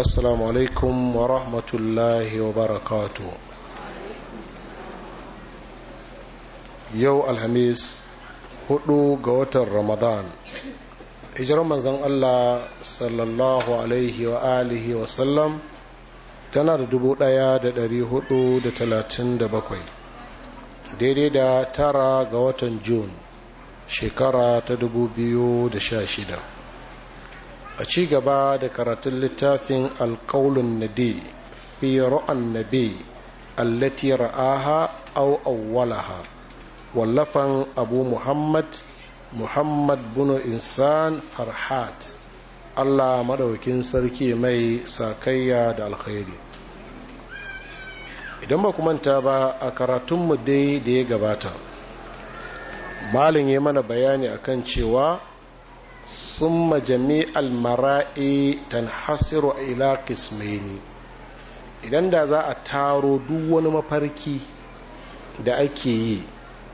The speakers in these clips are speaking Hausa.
assalamu alaikum wa rahmatullahi wa barakatu yau alhamis hudu ga watan ramadan hijirar manzan allah sallallahu alaihi wa alihi wa sallam tana da dubu daya da dari hudu da talatin da bakwai daidai da tara ga watan Jun shekara ta dubu biyu da sha shida a ci gaba da karatun littafin alkaulun nadi fi ra'an nabi allati ra'aha aw awwalaha wallafan abu muhammad muhammad bunu insan farhat allah madaukin sarki mai sakayya da alkhairi idan ba manta ba a karatunmu dai da ya gabata malin ya mana bayani akan cewa ثم جميع المرائي تنحصر الى قسمين idan da za a taro duk wani mafarki da ake yi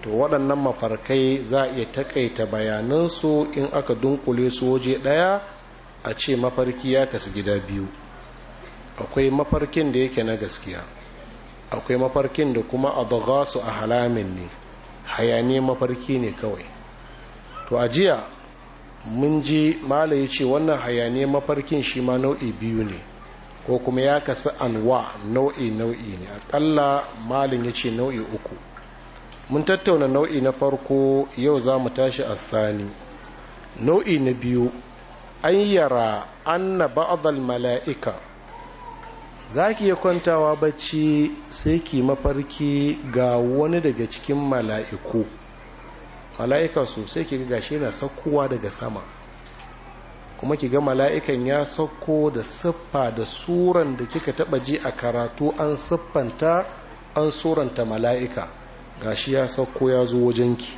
to waɗannan mafarkai za a iya takaita bayanansu in aka dunkule su waje ɗaya a ce mafarki ya kasu gida biyu akwai mafarkin da yake na gaskiya akwai mafarkin da kuma a su a halamin ne hayaniyar mafarki ne kawai to a jiya mun ji mala ya ce wannan hayaniya mafarkin shi ma nau'i biyu ne ko kuma ya kasu anwa nau'i nau'i ne akalla malin ya ce nau'i uku mun tattauna nau'i na farko yau za mu tashi a sani nau'i na biyu an yara an na ba'adal mala'ika za ki iya kwantawa bacci sai ki mafarki ga wani daga cikin mala'iku mala'ika sosai ki ga gashi yana saukowa daga sama kuma ki ga mala'ikan ya sauko da siffa da suran da kika taba ji a karatu an siffanta an suranta mala'ika gashi ya sauko ya zo wajen ki.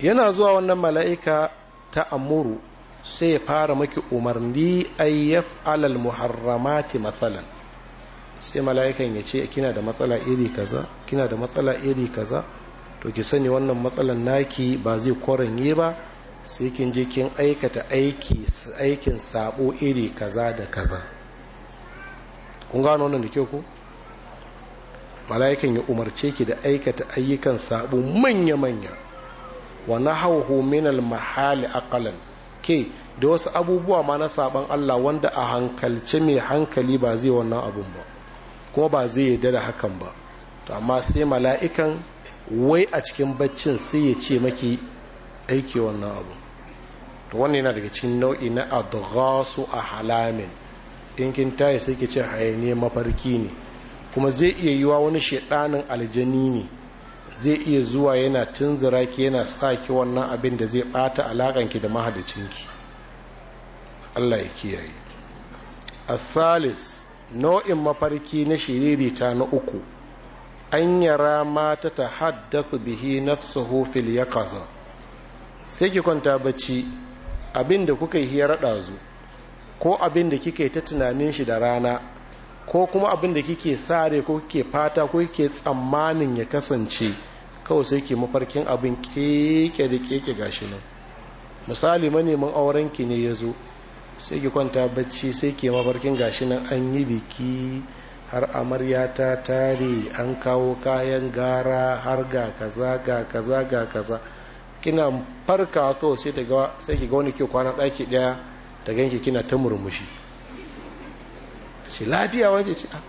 yana zuwa wannan mala'ika ta amuru sai ya fara maki umarni ayyaf alal muharramati matsalan sai mala'ikan ya ce kina da matsala iri kaza kina da matsala iri kaza to ki sani wannan matsalan naki ba zai kwaranye ba sai kin je kin aikata aiki aikin sabo iri kaza da kaza kun gano wannan da ke ku mala'ikan ya umarce ki da aikata ayyukan sabo manya-manya wa na min al-mahali aqalan ke da wasu abubuwa ma na saban Allah wanda a hankalce mai hankali ba zai wannan abun ba kuma ba zai yarda da hakan ba to amma sai mala'ikan wai a cikin baccin sai ya ce maki aiki wannan abu to wannan yana daga cikin nau'i na adghasu a halamin in tayi sai ke ce hayaniya mafarki ne kuma zai iya yiwa wani shedanin aljani ne zai iya zuwa yana tunzura ki yana sa ki wannan abin da zai bata alakan ki da mahadicin ki Allah ya kiyaye a thalis nau'in mafarki na ta na uku an yara mata ta haddathu bihi nafsuhu fil yaqaza sai ki kwanta bacci abinda kuka yi hira ɗazu ko abinda da kike ta tunanin shi da rana ko kuma abinda kike sare ko kike fata ko kike tsammanin ya kasance kawai sai ki mafarkin abin keke da keke gashi nan misali manemin auren ki ne ya zo sai ki kwanta bacci sai ki mafarkin gashi nan an yi biki har amarya ta tare an kawo kayan gara har ga kaza ga kaza ga kaza kina farka to sai ta ga sai ki ga wani ke kwana daki daya ta ganki kina ta murmushi shi lafiya wace ce ah,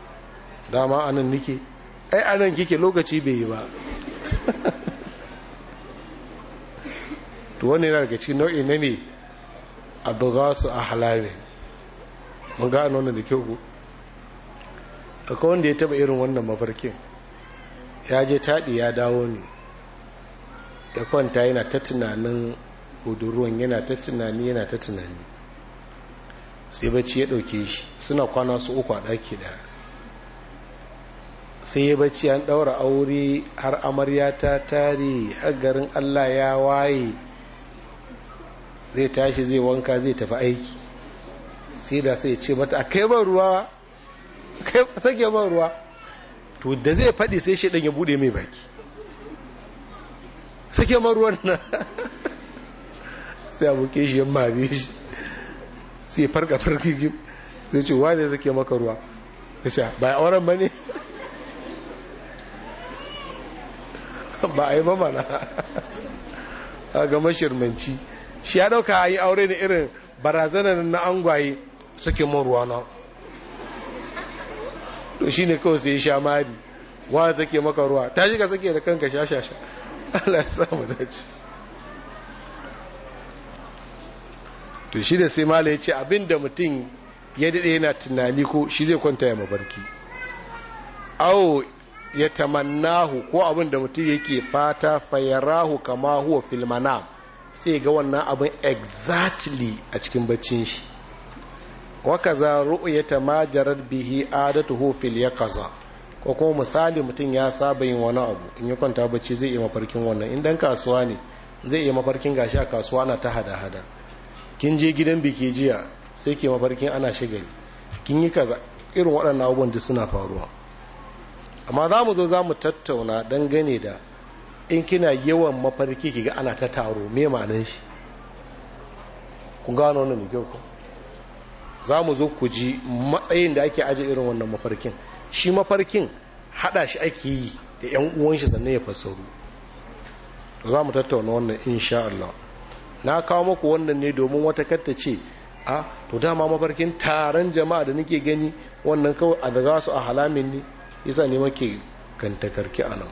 dama anan nike ai anan kike lokaci bai yi ba to wannan yana daga cikin nau'i ne a dogasu su a halale mun gano wannan da kyau akwai wanda ya taba irin wannan mafarkin ya je taɗi ya dawo ne ya kwanta yana ta tunanin budurwan yana ta tunani yana ta tunani sai bacci ya ɗauke shi suna kwana su uku a ɗaki da sai ya bacci an ɗaura aure har amarya ta tare har garin allah ya waye zai tashi zai wanka zai tafi aiki sai da sai ce mata a kai ban ruwa kai sake ban ruwa to da zai faɗi sai shaidan ya bude mai baki sake ban ruwan nan sai abokin shi yamma bi shi sai farka farki sai ce wa zai sake maka ruwa sai ce ba auren ba ne ba a yi ba mana a ga mashirmanci shi ya dauka a yi aure ne irin barazanar na angwaye suke mun ruwa na to shi ne kawai sai sha mari wa sake maka ruwa ta shi ka sake da kanka sha sha sha Allah ya samu dace to shi da sai mala ya ce abinda mutum ya daɗe yana tunani ko shi zai kwanta ya mabarki awo ya tamannahu ko abin da mutum yake fata fayarahu kama huwa filmana sai ga wannan abin exactly a cikin baccin shi wakaza ya ta majarar bihi adatuhu fil yaqaza ko kuma misali mutum ya saba yin wani abu in ya kwanta bacci zai iya mafarkin wannan in dan kasuwa ne zai iya mafarkin gashi a kasuwa na ta hada hada kin je gidan biki jiya sai ke mafarkin ana shigali kin yi kaza irin waɗannan abubuwan duk suna faruwa amma za mu zo za mu tattauna don gane da in kina yawan mafarki kiga ana ta taro me ma'anar shi ku gano wannan da kyau za mu zo ku ji matsayin da ake ajiye irin wannan mafarkin shi mafarkin hada shi ake yi da yan uwanshi shi sannan ya fassaru za mu tattauna wannan insha Allah na kawo muku wannan ne domin wata katta ce a to dama mafarkin taron jama'a da nake gani wannan kawai a daga su a halamin ne yasa ne muke kantakarki a nan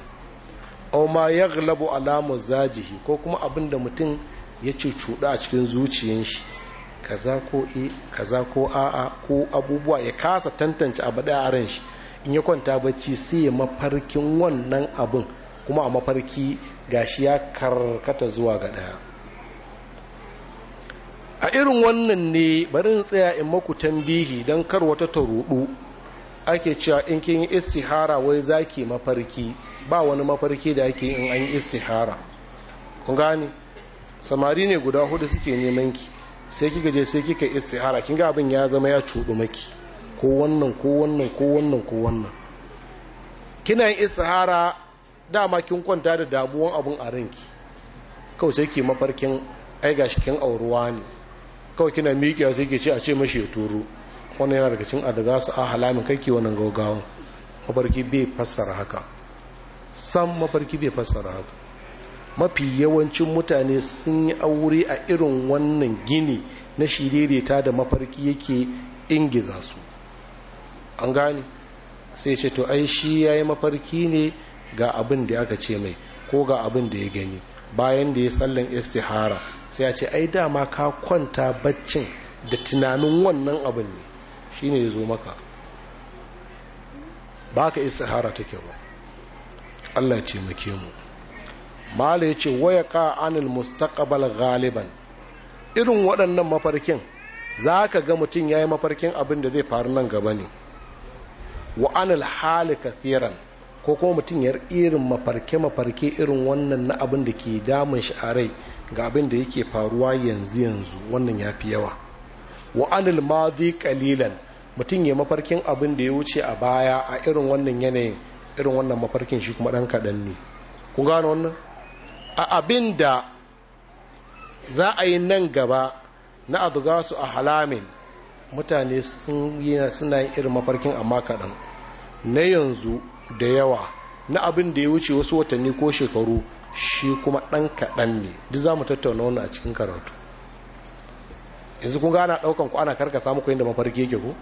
au ma yaghlabu alamu zajihi ko kuma abinda mutum ya ce a cikin zuciyar shi kaza ko e kaza ko a'a ko abubuwa ya kasa tantance abu da a ran shi in ya kwanta bacci sai ya mafarkin wannan abun kuma a mafarki gashi ya karkata zuwa ga ɗaya. a irin wannan ne bari in tsaya in maku tambihi don kar wata ta rudu ake cewa in kin yi istihara wai zaki mafarki ba wani mafarki da ake in an yi istihara kun gane samari ne guda hudu suke neman ki sai kika je sai kika istihara kin ga abin ya zama ya cudu maki ko wannan ko wannan ko wannan ko wannan kina yin istihara dama kin kwanta da damuwan abun a ranki kawai sai ki mafarkin ai gashi kin auruwa ne kawai kina miƙewa sai ki ce a ce mashi ya turo wannan yana daga cikin adaga su a halamin kai ki wannan gaugawan mafarki bai fassara haka sam mafarki bai fassara haka mafi yawancin mutane sun yi aure a irin wannan gini na shiririta da mafarki yake ingiza su an gane sai ce to ai shi ya yi mafarki ne ga abin da aka ce mai ko ga abin da ya gani bayan da ya sallan istihara sai ya ce ai dama ka kwanta baccin da tunanin wannan abin ne shi ne ya zo maka ba ka istihara take ba Allah ce mu mala ya ce waya ka anil mustaqbal galiban irin waɗannan mafarkin za ka ga mutum ya yi mafarkin abin da zai faru nan gaba ne wa anil hali kathiran ko kuma mutum ya irin mafarke-mafarke irin wannan na abin da ke damun shi a rai ga abin da yake faruwa yanzu-yanzu wannan ya fi yawa wa anil madi kalilan mutum ya mafarkin abin da ya wuce a baya a irin wannan yanayin irin wannan mafarkin shi kuma ɗan kaɗan ne gano wannan a abin da za a yi nan gaba na su a halamin mutane suna yin irin mafarkin amma kaɗan na yanzu da yawa na abin da ya wuce wasu watanni ko shekaru shi kuma ɗan kaɗan ne duk za mu tattauna wani a cikin karatu yanzu kun ana ɗaukan ku ana karkasa muku yadda mafarki yake ku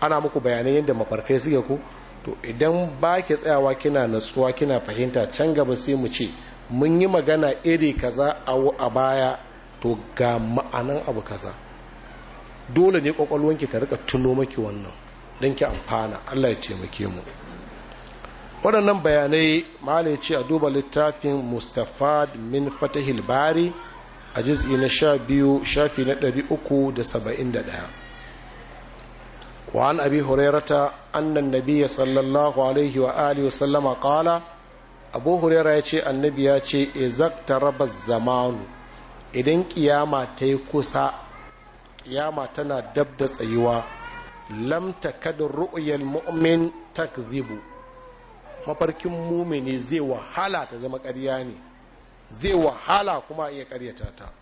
ana muku bayanai yadda mafarkai suke ku to idan ba ke tsayawa kina natsuwa kina fahimta can gaba sai mu ce mun yi magana iri kaza a baya to ga ma'anan abu kaza dole ne kwakwalwanki ta rika tuno maki wannan don ki amfana allah ya taimake mu waɗannan bayanai mala ya ce a duba littafin mustapha min fatahil bari a jiz'i na sha biyu shafi na ɗari uku da saba'in da ɗaya an وعن أبي annan أن sallallahu alaihi wa alihi wa sallama قال abu hurera ya ce annabi ya ce izakta raba zamanu idan kiyama ta yi kusa kiyama tana dab da tsayuwa lamta kada ru'uyar mu'min takzibu mafarkin mumini zai wahala ta zama ƙarya ne zai wahala kuma iya ƙaryata ta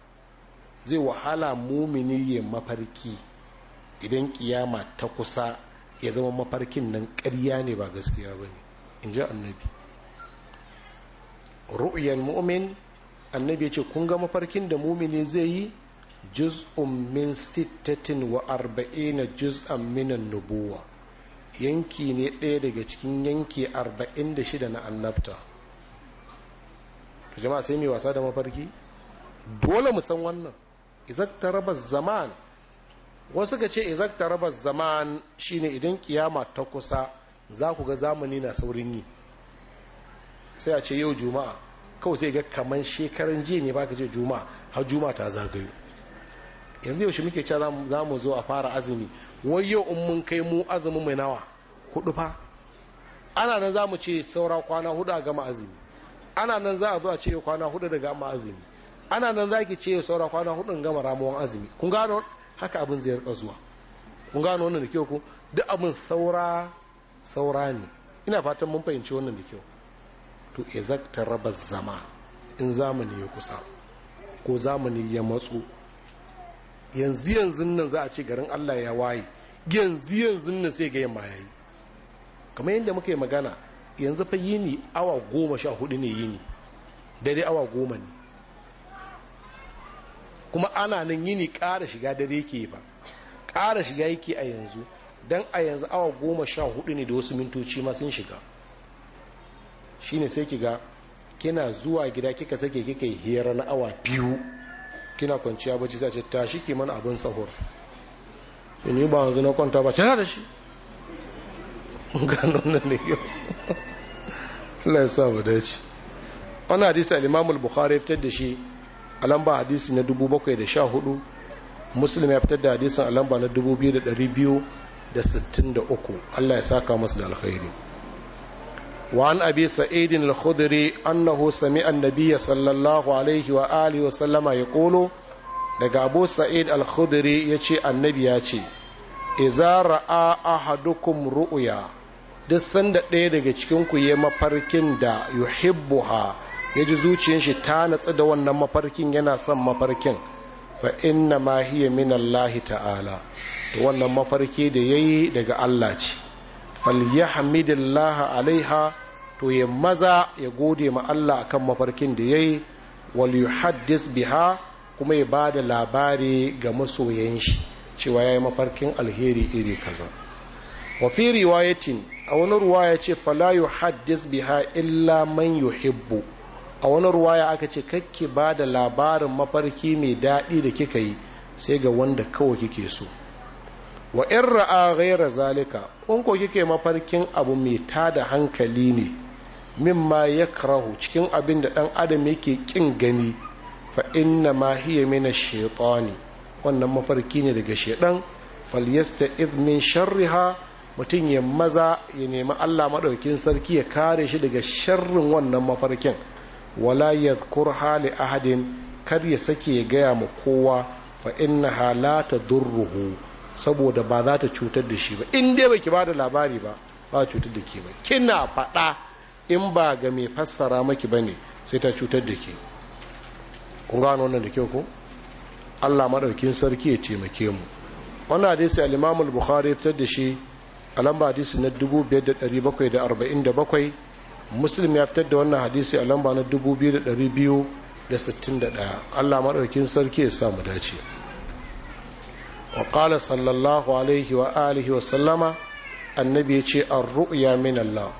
zai wahala mumini ya mafarki idan kiyama ta kusa ya zama mafarkin nan ƙarya ne ba gaskiya ba ne in ji annabi ru'yan mu'min annabi ce kun ga mafarkin da mumini zai yi juz'un min sittatin wa arba'ina juz'an minan nubuwa yanki ne ɗaya daga cikin yanki arba'in da shida na annabta jama'a sai mai wasa da mafarki dole mu san wannan izakta rabar zaman wasu ka ce izakta rabar zaman shine idan kiyama ta kusa za ku ga zamani na saurin yi sai a ce yau juma'a kawai sai ga kaman shekaran jiya ne baka je juma'a har juma'a ta zagayo yanzu yaushe muke cewa za mu zo a fara azumi wai yau in mun kai mu azumi mai nawa hudu fa ana nan za mu ce saura kwana hudu a gama azumi ana nan za a zo a ce kwana hudu daga gama azumi ana nan za ki ce saura kwana hudu gama ramuwan azumi kun gano haka abin zai rika zuwa kun gano wannan da kyau ku duk abin saura saura ne ina fatan mun fahimci wannan da kyau to izakta raba zama in zamani ya kusa ko zamani ya matsu yanzu yanzu nan za a ce garin Allah ya waye yanzu yanzu nan sai ga yamma yayi kamar yadda muka yi magana yanzu fa yini awa goma sha hudu ne yini dare awa goma ne kuma ana nan yini kara shiga dare yake ba ƙara shiga yake a yanzu don a yanzu awa goma sha hudu ne da wasu mintoci ma sun shiga shine sai kiga kina zuwa gida kika sake kika hira na awa biyu kina kwanciya bacci sai ce tashi ki mana abin tsahor eh, in ba wanzu na kwanta ba na da shi gano nan ne yau Allah ya sa mu dace wannan hadisi al-Imam al-Bukhari fitar da shi a lamba hadisi na 714 Muslim ya fitar da hadisin a lamba na 2263 Allah ya saka masu da alkhairi وعن أبي سعيد الخدري أنه سمع النبي صلى الله عليه وآله وسلم يقول daga abu sa'id al-khudri ya ce annabi ya ce iza ra'a ahadukum ru'uya duk sanda ɗaya daga cikinku ya mafarkin da yuhibbuha ya ji zuciyar shi ta natsu da wannan mafarkin yana son mafarkin fa inna ma min Allah ta'ala to wannan mafarki da yayi daga Allah ce falyahmidillah alaiha to ya maza ya gode ma Allah akan mafarkin da yayi wal yuhaddis biha kuma ya bada labari ga masoyan shi cewa yayi mafarkin alheri iri kaza wa fi riwayatin a wani ruwaya ce fala yuhaddis biha illa man yuhibbu a wani ruwaya aka ce kakki ba da labarin mafarki mai daɗi da kika yi sai ga wanda kawai kike so wa in ra'a ghaira zalika kun ko kike mafarkin abu mai tada hankali ne mimma yakrahu cikin abin da dan adam yake kin gani fa inna ma hiya min ash-shaytani wannan mafarki ne daga shedan falyasta'id min sharriha mutum ya maza ya nemi Allah madaukin sarki ya kare shi daga sharrin wannan mafarkin wala yadhkurha li ahadin kar ya sake ya gaya ma kowa fa innaha la tadurruhu saboda ba za ta cutar da shi ba in dai baki ba da labari ba ba cutar da ke ba kina faɗa in ba ga mai fassara maki ba ne sai ta cutar da ke kun gano wannan da kyau ko Allah maɗaukin sarki ya taimake mu wannan hadisi al'imamul al-Bukhari ya fitar da shi a lamba hadisi na 5747 Muslim ya fitar da wannan hadisi a lamba na 2261 Allah maɗaukin sarki ya sa mu dace wa qala sallallahu alaihi wa alihi wa sallama annabi ya ce ar-ru'ya min Allah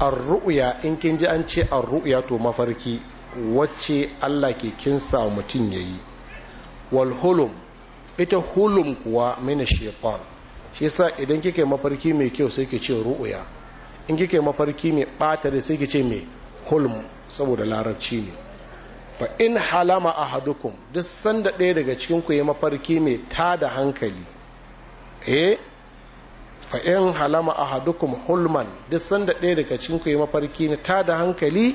ar-ru'ya in kin ji an ce ar-ru'ya to mafarki wacce Allah ke kinsa mutum yayi yi, hulum ita hulum kuwa min shaytan shi sa idan kike mafarki mai kyau sai ki ce ru'uya, in kike mafarki mai batare sai ki ce mai hulm saboda larabci ne fa in halama ahadukum duk sanda ɗaya daga cikin ku yi mafarki mai tada hankali eh fa in halama ahadukum hulman duk sanda ɗaya daga cikin ku yi mafarki na da hankali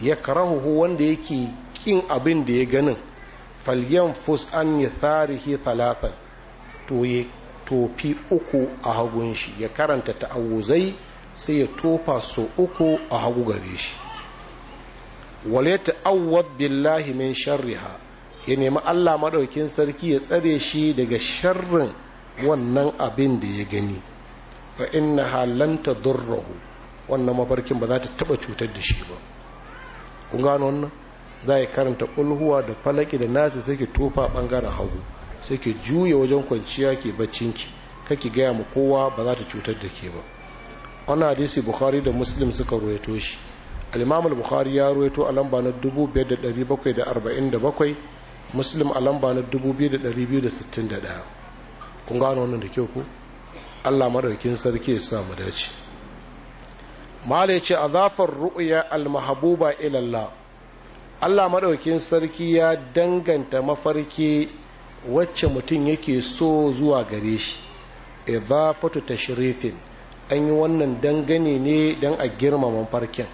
ya karahu wanda yake kin abin da ya ganin falyan fus an ya tsarihi talatan to ya tofi uku a hagun shi ya karanta ta'awuzai sai ya tofa so uku a hagu gare shi Walaita yata'awwad billahi min sharriha ya nemi Allah maɗaukin sarki ya tsare shi daga sharrin wannan abin da ya gani fa innaha lan durrahu wannan mafarkin ba za ta taba cutar da shi ba kun gano wannan za karanta kulhuwa da falaki da nasi sai tofa bangaren hagu sai ki juya wajen kwanciya ke baccinki kake gaya ma kowa ba za ta cutar da ke ba wannan hadisi bukhari da muslim suka ruwaito shi al-imam al-bukhari ya ruwaito a lamba na 2747 muslim a lamba na 2261 kun gano wannan da kyau ku Allah madaukin sarki ya sa mu dace mala yace azafar ru'ya al-mahbuba ila Allah Allah madaukin sarki ya danganta mafarki wacce mutum yake so zuwa gare shi idafatu tashrifin an yi wannan dangane ne don a girmama farkin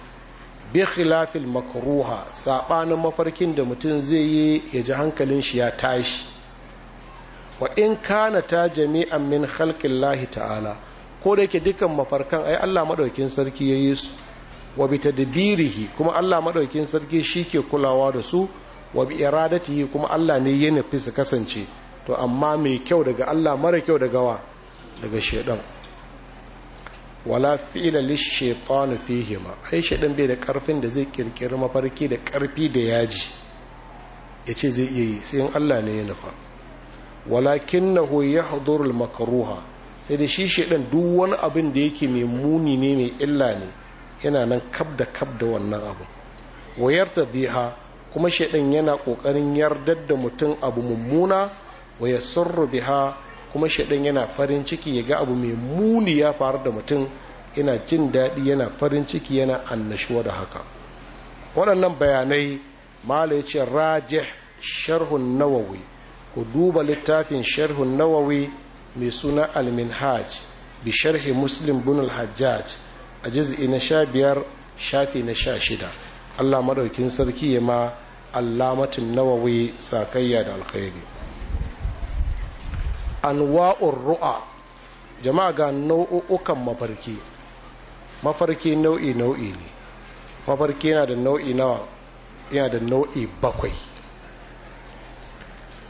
bi khilafil makruha sabanin mafarkin da mutum zai yi ya ji hankalin shi ya tashi wa in kana ta jami'an min khalqillahi ta'ala ko da yake dukan mafarkan ai Allah madaukin sarki yayi su wa bi tadbirihi kuma Allah madaukin sarki shi ke kulawa da su wa bi iradatihi kuma Allah ne ya nufi su kasance to amma mai kyau daga Allah mara kyau daga wa daga shedan wala fi'ila lishaitan fihima ai shaidan bai da karfin da zai kirkiri mafarki da karfi da yaji yace zai iya yi sai in Allah ne ya nufa walakinahu yahdurul makruha sai da shi shaidan duk wani abin da yake mai muni ne mai illa ne yana nan kab da kab da wannan abu wayar ta kuma shaidan yana kokarin yardar da mutum abu mummuna wayasurru biha kuma shaɗan yana farin ciki ya ga abu mai muni ya faru da mutum yana jin daɗi yana farin ciki yana annashuwa da haka waɗannan bayanai mala ya ce rajih sharhun nawawi ku duba littafin sharhun nawawi mai suna alminhaj bi sharhi muslim bin hajjaj a jiz'i na sha biyar shafi na sha shida allah madaukin sarki ya ma allamatin nawawi sakayya da alkhairi anwa'ur ru'a jama'a ga nau'ukan mafarki mafarki nau'i nau'i ne mafarki yana da nau'i nawa yana da nau'i bakwai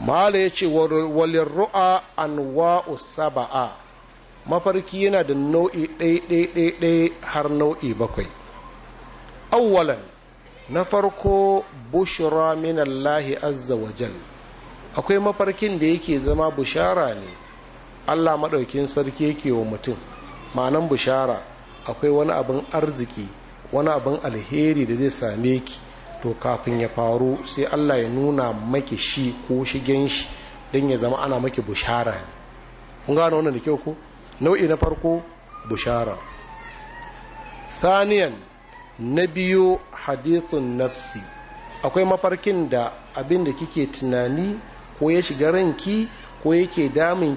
mala ya ce walin ru'a anwa'u saba'a mafarki yana da nau'i ɗaiɗaiɗaiɗai har nau'i bakwai awwalan na farko bushra minallahi azza wa akwai mafarkin da yake zama bushara ne allah maɗaukin sarki yake wa mutum ma'anan bushara akwai wani abin arziki wani abin alheri da zai same ki to kafin ya faru sai allah ya nuna maki shi ko shigen shi don ya zama ana maki bushara ne kun gano wannan da kyau ko nau'i na farko bushara saniyan na biyu hadithun nafsi akwai mafarkin da abin da kike tunani ko ya shiga ranki ko yake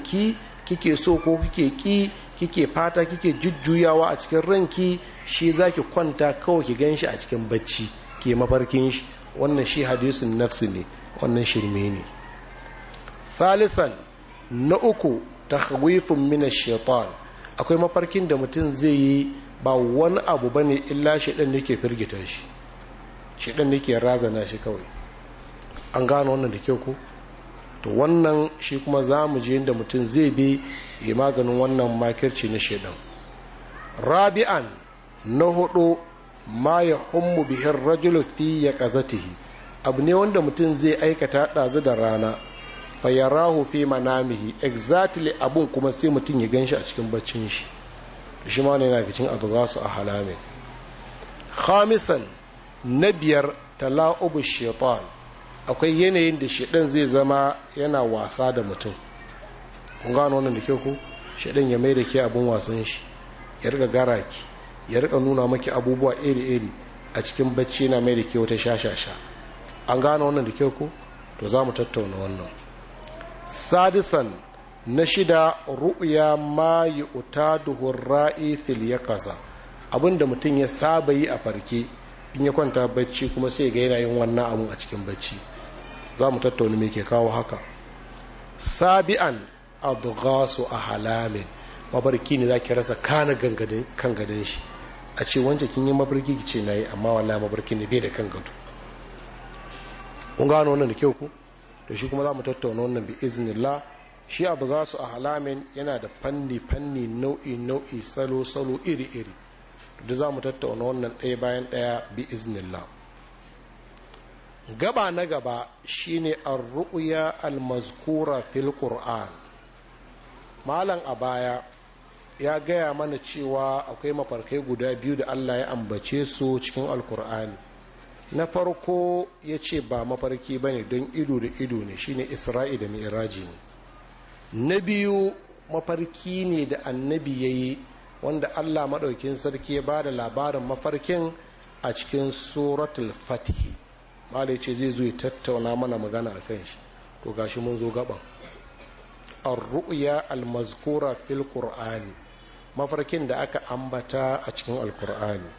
ki kike so ko kike ki kike fata kike jujjuyawa a cikin ranki shi zaki kwanta kawai ki ganshi a cikin bacci ke mafarkin shi wannan shi hadisin nafsi ne wannan shirme ne Salisan na uku ta min mina shaytan akwai mafarkin da mutum zai yi ba wani abu bane illa da ke firgita shi da ke razana shi kawai an gano wannan da kyau ko to wannan shi kuma za mu je inda mutum zai bi ya maganin wannan makirci na shaidan rabi'an na hudu ma ya hummu bihin rajulu ya kazatihi abu ne wanda mutum zai aikata ɗazu da rana fayarahu fi manamihi exactly abun kuma sai mutum ya ganshi a cikin baccin shi shi ma ne yana cikin su a halamin khamisan na biyar tala'ubu shaitan akwai yanayin da shaɗan zai zama yana wasa da mutum kun gano wannan da ke ku shiɗan ya mai da ke abin wasan shi ya riga gara ki ya riga nuna maki abubuwa iri-iri a cikin bacci na mai da ke wata shashasha an gano wannan da ke ku to za mu tattauna wannan sadisan na shida ru'ya ma yi uta duhun ra'i fil ya kasa abinda mutum ya saba yi a farke in ya kwanta bacci kuma sai ga yana yin wannan abun a cikin bacci za mu tattauna me ke kawo haka sabi'an adghasu halamin mabarki ne za ki rasa kana kan gadon shi a ce wance kin yi mabarki ki ce na yi amma wala mabarki ne bai da kan gado kun gano wannan da kyau ku da shi kuma za mu tattauna wannan bi iznillah shi adghasu halamin yana da fanni fanni nau'i nau'i salo salo iri iri duk za mu tattauna wannan ɗaya bayan ɗaya bi iznillah gaba na gaba shine ar-ru'ya al-mazkura fil qur'an malam a baya ya gaya mana cewa akwai mafarkai guda biyu da Allah ya ambace su cikin alkur'ani na farko ya ce ba mafarki ba ne don ido da ido ne shine isra'i da mi'raji ne na biyu mafarki ne da annabi ya yi wanda Allah maɗaukin sarki ya ba da labarin mafarkin a cikin suratul fatihi malai ce zai zo ya tattauna mana magana a kan shi to gashi mun zo gaban ar-ru'ya al-mazkura fil qur'ani mafarkin da aka ambata a cikin al alkur'ani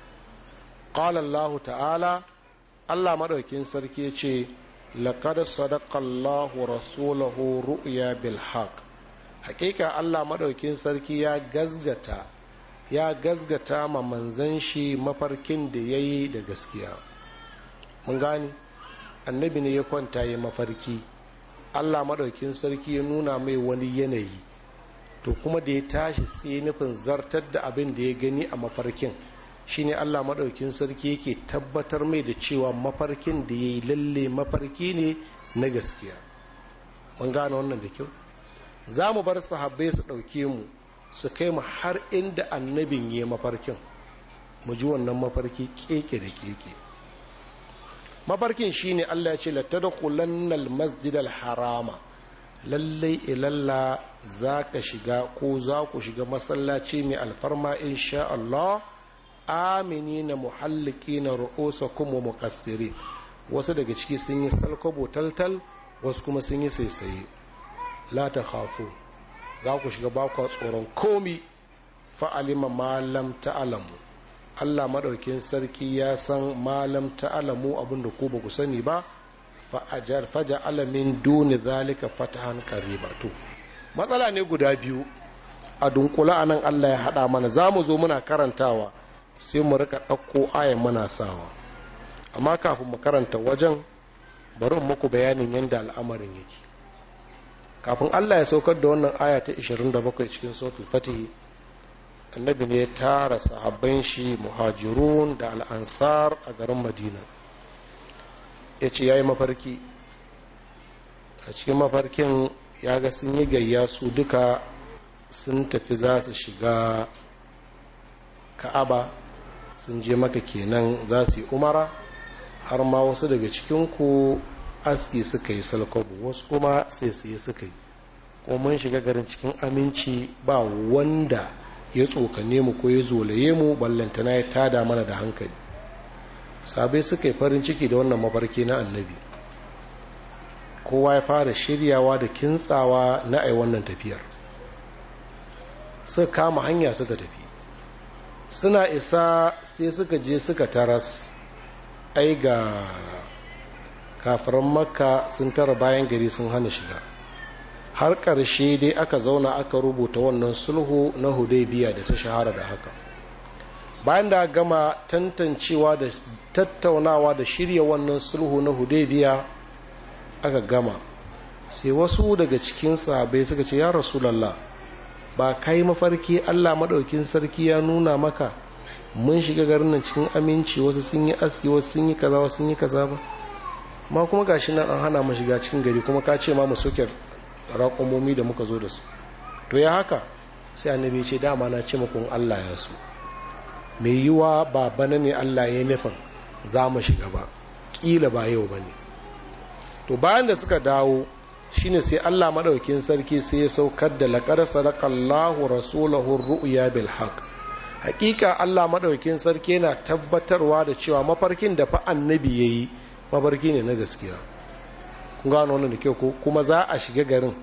qala Allah ta'ala Allah madaukin sarki ce laqad sadaqa Allah rasulahu ru'ya bil haqq hakika Allah madaukin sarki ya gazgata ya gazgata ma manzan shi mafarkin da yayi da gaskiya mun gane annabi ne ya kwanta ya mafarki allah maɗaukin sarki ya nuna mai wani yanayi to kuma da ya tashi sai nufin zartar da abin da ya gani a mafarkin shine allah maɗaukin sarki yake tabbatar mai da cewa mafarkin da ya yi lalle mafarki ne na gaskiya mun gane wannan da kyau za mu bar sahabbai su ɗauke mu su kai mu har inda annabin ya mafarkin mu ji wannan mafarki keke da keke mafarkin ne Allah ya ce kulannan masjidar harama lallai ilalla za ka shiga ko za ku shiga masallaci mai alfarma insha Allah amini na muhalliki na ru'usa kuma mukassiri wasu daga ciki sun yi salkobo taltal wasu kuma sun yi saisaye la ta hafu za ku shiga bakwa tsoron komi fa'alima malam alamu. allah maɗaukin sarki ya san malam ta'alamu alamu abin da ku ba ku sani ba fa'ajar faja alamin duni zalika fatahan kariba to matsala ne guda biyu a dunkula a nan allah ya haɗa mana za mu zo muna karantawa sai mu rika ɗauko ayan muna sawa amma kafin mu karanta wajen bari in muku bayanin yadda al'amarin yake kafin allah ya saukar da wannan aya ta 27 cikin sautul fatihi annabi ne ya tara sahabban shi muhajirun da al'ansar a garin madina ya ce ya yi mafarki a cikin mafarkin ya ga sun yi gayya su duka sun tafi za su shiga ka'aba sun je maka kenan za su yi umara har ma wasu daga cikinku aski suka yi salkobu wasu kuma sai su yi suka yi mun shiga garin cikin aminci ba wanda ya tsokane mu ko ya zolaye mu ballantana ya tada mana da hankali sabai suka yi farin ciki da wannan mafarki na annabi kowa ya fara shiryawa da kintsawa na ai wannan tafiyar suka kama hanya suka tafi suna isa sai suka je suka taras ai ga kafiran makka sun tara bayan gari sun hana shiga har ƙarshe dai aka zauna aka rubuta wannan sulhu na hudaybiya da ta shahara da haka bayan da gama tantancewa da tattaunawa da shirya wannan sulhu na hudaybiya aka gama sai wasu daga cikin sahabbai suka ce ya rasu lalla ba kai mafarki Allah maɗaukin sarki ya nuna maka mun shiga garin nan cikin aminci wasu sun yi aski wasu sun yi kaza wasu sun yi kaza ba ma kuma gashi nan an hana mu shiga cikin gari kuma ka ce ma mu soke raƙumomi da muka zo da su to ya haka sai annabi ce dama na ce makon allah ya so mai yiwa ba bana ne allah ya nufin za mu shiga ba ƙila ba yau ba ne to bayan da suka dawo shine sai allah maɗaukin sarki sai ya saukar da laƙar sadakallahu rasulahu ru'ya bil haq haƙiƙa allah maɗaukin sarki yana tabbatarwa da cewa mafarkin da fa annabi ya yi mafarki ne na gaskiya kun gano wannan da kyau ko kuma za a shiga garin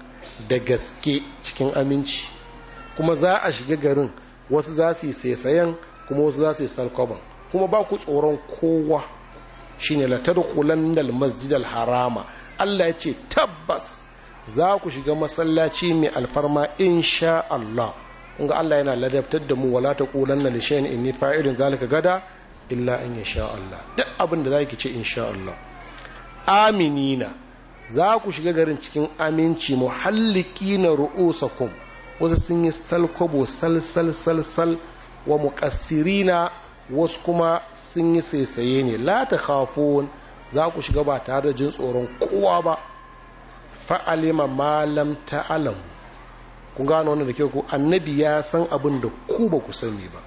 da gaske cikin aminci kuma za a shiga garin wasu za su yi saisayen kuma wasu za su yi salkoban kuma ba ku tsoron kowa shine la tadkhulanna al-masjid al-harama Allah ya ce tabbas za ku shiga masallaci mai alfarma insha Allah kun Allah yana ladabtar da mu wala taqulanna li shay'in inni fa'ilun zalika gada illa in sha Allah duk abin da zaki ce insha Allah aminina za ku shiga garin cikin aminci muhalliki na ru'usakum wasu sun yi salkobo sal sal sal sal wa wasu kuma sun yi saisaye ne la takhafun za ku shiga ba tare da jin tsoron kowa ba fa'alima malam ta'alam kun gano wannan da ke ku annabi ya san abin da ku ba ku sani ba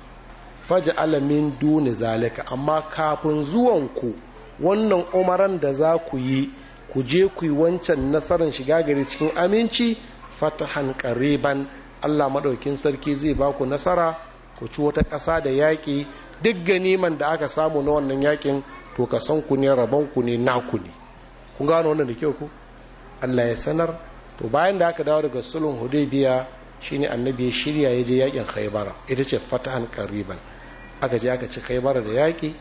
faji alamin duni zalika amma kafin zuwan ku wannan umaran da za ku yi ku je ku yi wancan nasarar shiga gari cikin aminci fatahan kariban. allah maɗaukin sarki zai ba ku nasara ku ci wata ƙasa da yaƙi duk ganiman da aka samu na wannan yaƙin to ka san ku ne rabon ku ne naku ne Ku gano wannan da kyau ku allah ya sanar to bayan da aka dawo daga sulhun hudaybiya shine annabi ya shirya ya je yaƙin haibara ita ce fatahan kariban. aka je aka ci haibara da yaƙi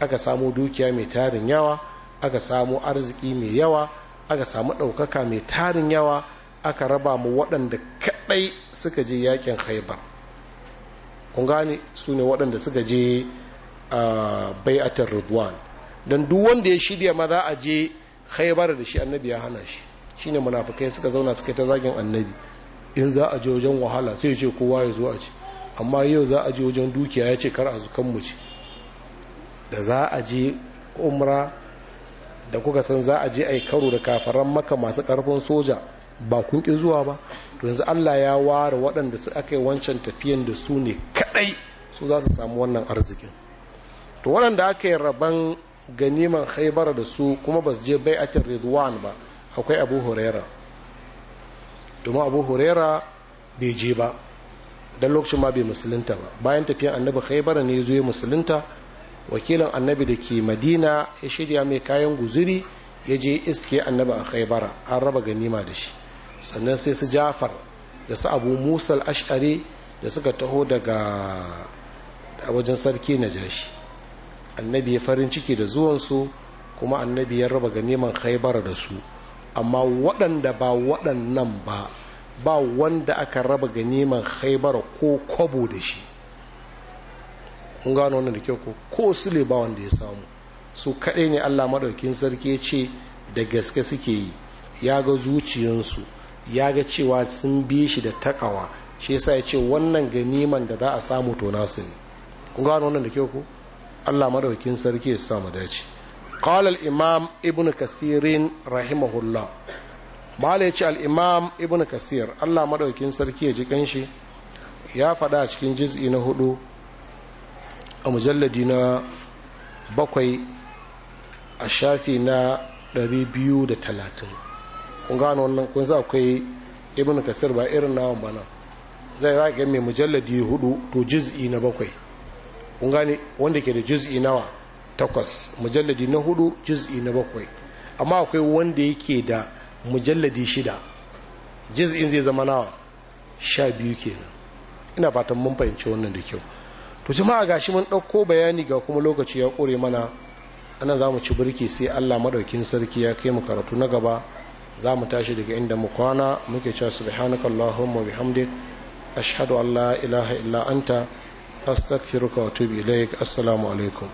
aka samu dukiya mai tarin yawa aka samu arziki mai yawa aka samu ɗaukaka mai tarin yawa aka raba mu waɗanda kaɗai suka je yakin haibar kun gane su ne waɗanda suka je a bai'atar ridwan don duk wanda ya shirya ma za a je haibar da shi annabi ya hana shi shi ne munafukai suka zauna suka ta zagin annabi in za a je wajen wahala sai ce kowa ya zo a ce, amma yau za a je wajen dukiya ya ce kar a zukan mu ce, da za a je umra da kuka san za a je a yi karo da kafaran maka masu karfin soja ba kun ƙi zuwa ba to yanzu allah ya ware waɗanda su aka yi wancan tafiyan da su ne kaɗai su za su samu wannan arzikin to waɗanda aka yi rabon ganiman haibar da su kuma ba su je bai bai'atin ridwan ba akwai abu Hurera. domin abu huraira bai je ba don lokacin ma bai musulunta ba bayan tafiyan annabi haibara ne zuwa musulunta wakilin annabi da ke madina ya shirya mai kayan guzuri ya je iske annabi a khaibara an raba ganima da shi sannan sai su jafar da su abu musal ash'ari da suka taho daga wajen sarki na jashi annabi ya farin ciki da zuwansu kuma annabi ya raba ganiman khaibara da su amma waɗanda ba waɗannan ba ba wanda aka raba ganiman haibara ko kwabo da shi kun gano wannan da kyau ko ko le ba wanda ya samu su kaɗai ne allah maɗaukin sarki ya ce da gaske suke yi ya ga zuciyansu ya ga cewa sun bi shi da takawa shi yasa ya ce wannan ganiman da za a samu to nasu ne kun gano wannan da kyau ko allah maɗaukin sarki ya samu dace قال الإمام ابن كثير رحمه الله mala ya ce al'imam ibn kasir allah maɗaukin sarki ya ji ƙanshi ya faɗa a cikin jiz'i na hudu a mujalladi na bakwai a shafi na 230 kun gano wannan kun za akwai ibn kasir ba irin nawan nan zai za ka mai mujalladi hudu to juz'i na bakwai kun gane wanda ke da juz'i nawa takwas mujalladi na hudu juz'i na bakwai amma akwai wanda yake da mujalladi shida juz'in zai zama nawa sha biyu kenan ina fatan mun fahimci wannan da kyau to jama'a gashi mun ɗauko bayani ga kuma lokaci ya ƙure mana ana za mu ci birki sai allah maɗaukin sarki ya kai mu karatu na gaba za mu tashi daga inda mu kwana muke cewa subhanaka allahumma bihamdik ashhadu an la ilaha illa anta astaghfiruka wa atubu ilaik assalamu alaikum